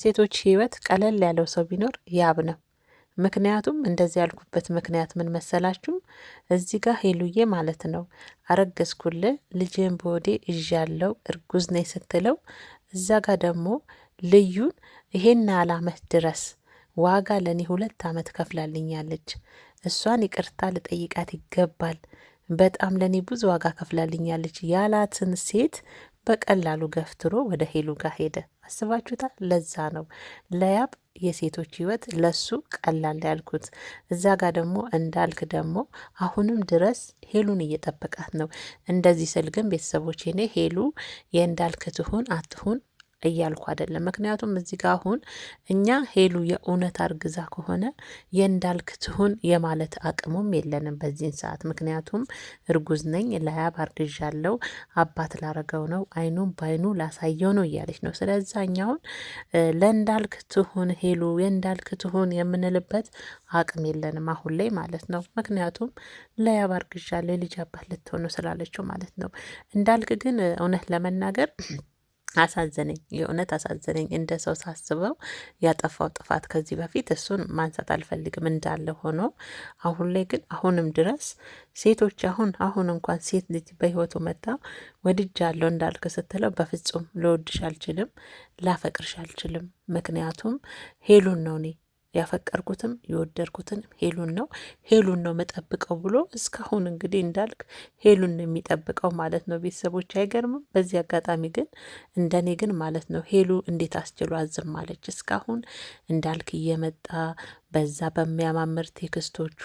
ሴቶች ህይወት ቀለል ያለው ሰው ቢኖር ያብ ነው። ምክንያቱም እንደዚህ ያልኩበት ምክንያት ምን መሰላችሁ? እዚህ ጋር ሄሉዬ ማለት ነው አረገዝኩል ልጄን እዥ ይዣለው እርጉዝ ነኝ ስትለው፣ እዛ ጋር ደግሞ ልዩን ይሄን አላመት ድረስ ዋጋ ለእኔ ሁለት አመት ከፍላልኛለች፣ እሷን ይቅርታ ልጠይቃት ይገባል በጣም ለእኔ ብዙ ዋጋ ከፍላልኛለች ያላትን ሴት በቀላሉ ገፍትሮ ወደ ሄሉ ጋር ሄደ። አስባችሁታል? ለዛ ነው ለያብ የሴቶች ህይወት ለሱ ቀላል ያልኩት። እዛ ጋር ደግሞ እንዳልክ ደግሞ አሁንም ድረስ ሄሉን እየጠበቃት ነው። እንደዚህ ስል ግን ቤተሰቦች እኔ ሄሉ የእንዳልክ ትሁን አትሁን እያልኩ አይደለም። ምክንያቱም እዚህ ጋር አሁን እኛ ሄሉ የእውነት አርግዛ ከሆነ የእንዳልክ ትሁን የማለት አቅሙም የለንም በዚህን ሰዓት። ምክንያቱም እርጉዝ ነኝ፣ ለያብ አርግዣለሁ፣ አባት ላረገው ነው፣ አይኑም ባይኑ ላሳየው ነው እያለች ነው። ስለዛ እኛውን ለእንዳልክ ትሁን ሄሉ የእንዳልክ ትሁን የምንልበት አቅም የለንም አሁን ላይ ማለት ነው። ምክንያቱም ለያብ አርግዣለሁ፣ የልጅ አባት ልትሆን ነው ስላለችው ማለት ነው። እንዳልክ ግን እውነት ለመናገር አሳዘነኝ። የእውነት አሳዘነኝ። እንደ ሰው ሳስበው ያጠፋው ጥፋት ከዚህ በፊት እሱን ማንሳት አልፈልግም እንዳለ ሆኖ አሁን ላይ ግን አሁንም ድረስ ሴቶች አሁን አሁን እንኳን ሴት ልጅ በሕይወቱ መጣ ወድጃለሁ እንዳልክ ስትለው በፍጹም ልወድሽ አልችልም፣ ላፈቅርሽ አልችልም፣ ምክንያቱም ሄሉን ነው እኔ ያፈቀርኩትም የወደድኩትን ሄሉን ነው ሄሉን ነው መጠብቀው ብሎ እስካሁን እንግዲህ እንዳልክ ሄሉን ነው የሚጠብቀው ማለት ነው። ቤተሰቦች አይገርምም። በዚህ አጋጣሚ ግን እንደኔ ግን ማለት ነው ሄሉ እንዴት አስችሉ አዝም አለች እስካሁን እንዳልክ እየመጣ በዛ በሚያማምር ቴክስቶቹ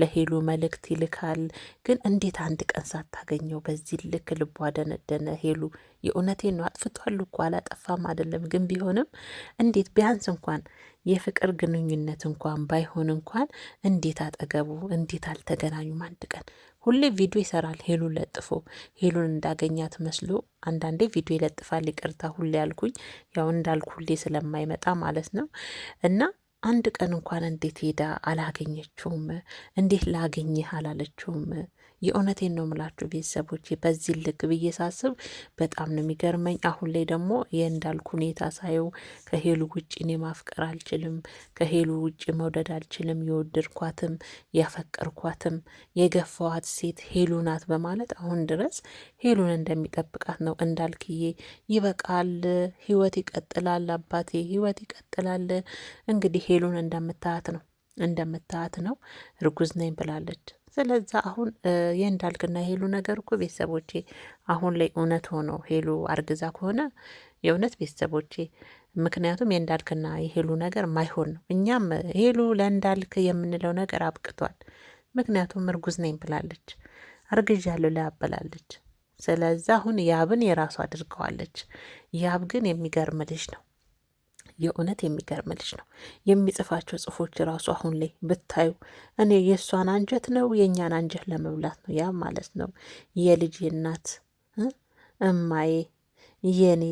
ለሄሉ መልእክት ይልካል። ግን እንዴት አንድ ቀን ሳታገኘው በዚህ ልክ ልቧ ደነደነ? ሄሉ የእውነቴን ነው አጥፍቷል እኮ አላጠፋም አይደለም። ግን ቢሆንም እንዴት ቢያንስ እንኳን የፍቅር ግንኙነት እንኳን ባይሆን እንኳን እንዴት አጠገቡ እንዴት አልተገናኙም? አንድ ቀን ሁሌ ቪዲዮ ይሰራል ሄሉን ለጥፎ ሄሉን እንዳገኛት መስሎ አንዳንዴ ቪዲዮ ይለጥፋል። ይቅርታ ሁሌ ያልኩኝ ያው እንዳልኩ ሁሌ ስለማይመጣ ማለት ነው እና አንድ ቀን እንኳን እንዴት ሄዳ አላገኘችውም? እንዴት ላገኘህ አላለችውም? የእውነቴን ነው ምላችሁ ቤተሰቦች፣ በዚህ ልክ ብዬ ሳስብ በጣም ነው የሚገርመኝ። አሁን ላይ ደግሞ ይህ ሁኔታ ሳየው ከሄሉ ውጭ እኔ ማፍቀር አልችልም፣ ከሄሉ ውጭ መውደድ አልችልም፣ የወደድኳትም ያፈቀርኳትም የገፋዋት ሴት ሄሉ ናት በማለት አሁን ድረስ ሄሉን እንደሚጠብቃት ነው እንዳልክዬ። ይበቃል፣ ህይወት ይቀጥላል አባቴ፣ ህይወት ይቀጥላል እንግዲህ ሄሉን እንደምታያት ነው እንደምታያት ነው እርጉዝ ነኝ ብላለች። ስለዛ አሁን የእንዳልክና ሄሉ ነገር እኮ ቤተሰቦቼ አሁን ላይ እውነት ሆኖ ሄሉ አርግዛ ከሆነ የእውነት ቤተሰቦቼ፣ ምክንያቱም የእንዳልክና የሄሉ ነገር ማይሆን ነው። እኛም ሄሉ ለእንዳልክ የምንለው ነገር አብቅቷል። ምክንያቱም እርጉዝ ነኝ ብላለች፣ አርግዣለሁ ለያብ ስለዛ አሁን ያብን የራሱ አድርገዋለች። ያብ ግን የሚገርም ልጅ ነው። የእውነት የሚገርም ልጅ ነው። የሚጽፋቸው ጽፎች ራሱ አሁን ላይ ብታዩ እኔ የእሷን አንጀት ነው የእኛን አንጀት ለመብላት ነው። ያ ማለት ነው የልጅ እናት እማዬ የኔ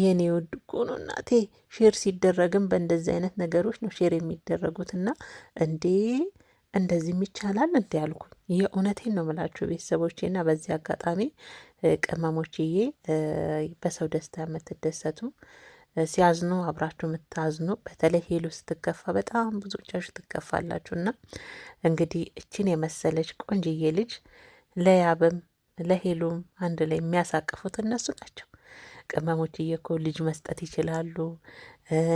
የኔ ውድ ቁኑ እናቴ ሼር ሲደረግም በእንደዚህ አይነት ነገሮች ነው ሼር የሚደረጉት እና እንዴ እንደዚህም ይቻላል እንዲ ያልኩ የእውነቴን ነው ምላችሁ ቤተሰቦቼ። እና በዚህ አጋጣሚ ቅመሞችዬ በሰው ደስታ የምትደሰቱ ሲያዝኑ አብራችሁ የምታዝኑ በተለይ ሄሉ ስትከፋ በጣም ብዙዎቻችሁ ትከፋላችሁ። እና እንግዲህ እችን የመሰለች ቆንጅዬ ልጅ ለያብም ለሄሉም አንድ ላይ የሚያሳቅፉት እነሱ ናቸው። ቅመሞች እየኮ ልጅ መስጠት ይችላሉ፣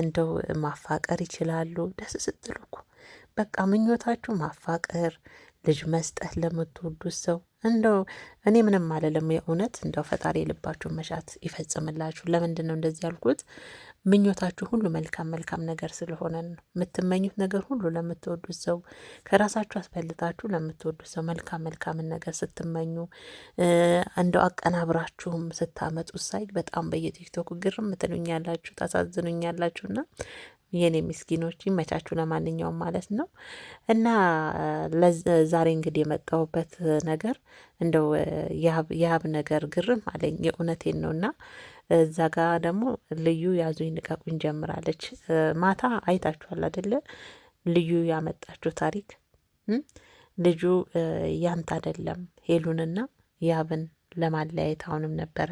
እንደው ማፋቀር ይችላሉ። ደስ ስትሉ እኮ በቃ ምኞታችሁ ማፋቀር፣ ልጅ መስጠት ለምትወዱት ሰው እንደው እኔ ምንም አልልም። የእውነት እንደው ፈጣሪ የልባችሁን መሻት ይፈጽምላችሁ። ለምንድን ነው እንደዚህ ያልኩት? ምኞታችሁ ሁሉ መልካም መልካም ነገር ስለሆነ ነው። የምትመኙት ነገር ሁሉ ለምትወዱት ሰው ከራሳችሁ አስፈልጣችሁ ለምትወዱት ሰው መልካም መልካምን ነገር ስትመኙ እንደው አቀናብራችሁም ስታመጡ ሳይ በጣም በየቲክቶክ ግርም ትሉኛላችሁ፣ ታሳዝኑኛላችሁና የኔ ምስኪኖች ይመቻችሁ። ለማንኛውም ማለት ነው እና ዛሬ እንግዲህ የመጣሁበት ነገር እንደው የሀብ ነገር ግርም አለኝ። የእውነቴን ነው እና እዛ ጋ ደግሞ ልዩ ያዙኝ ንቀቁኝ ጀምራለች። ማታ አይታችኋል አደለ? ልዩ ያመጣችሁ ታሪክ ልጁ ያንተ አደለም ሄሉንና ያብን ለማለያየት አሁንም ነበረ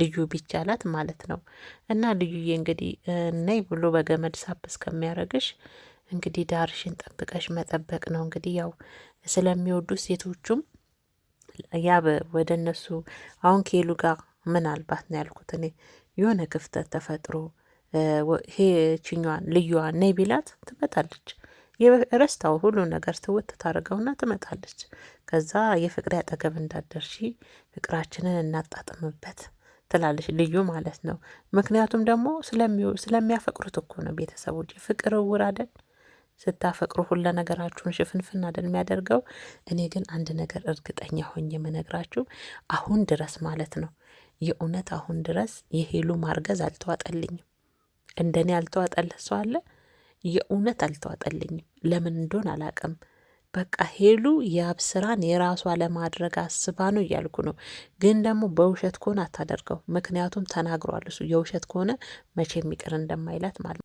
ልዩ ቢቻላት ማለት ነው። እና ልዩዬ እንግዲህ ነይ ብሎ በገመድ ሳብ እስከሚያደርግሽ እንግዲህ ዳርሽን ጠብቀሽ መጠበቅ ነው። እንግዲህ ያው ስለሚወዱ ሴቶቹም ያ ወደ እነሱ አሁን ኬሉ ጋር ምናልባት ነው ያልኩት እኔ የሆነ ክፍተት ተፈጥሮ ሄችኛዋን ልዩዋን ነይ ቢላት ትመጣለች። የረስታው ሁሉ ነገር ትውት ታደርገውና ትመጣለች። ከዛ የፍቅሬ አጠገብ እንዳደርሺ ፍቅራችንን እናጣጥምበት ትላለች ልዩ ማለት ነው። ምክንያቱም ደግሞ ስለሚያፈቅሩት እኮ ነው ቤተሰቦች። ፍቅር እውር አደል ስታፈቅሩ ሁለ ነገራችሁን ሽፍንፍን አይደል የሚያደርገው። እኔ ግን አንድ ነገር እርግጠኛ ሆኝ የምነግራችሁ አሁን ድረስ ማለት ነው የእውነት አሁን ድረስ የሄሉ ማርገዝ አልተዋጠልኝም። እንደኔ አልተዋጠለ ሰው አለ? የእውነት አልተዋጠልኝም። ለምን እንደሆን አላቅም። በቃ ሄሉ የአብ ስራን የራሷ ለማድረግ አስባ ነው እያልኩ ነው። ግን ደግሞ በውሸት ከሆነ አታደርገው። ምክንያቱም ተናግሯል እሱ የውሸት ከሆነ መቼም ይቅር እንደማይላት ማለት ነው።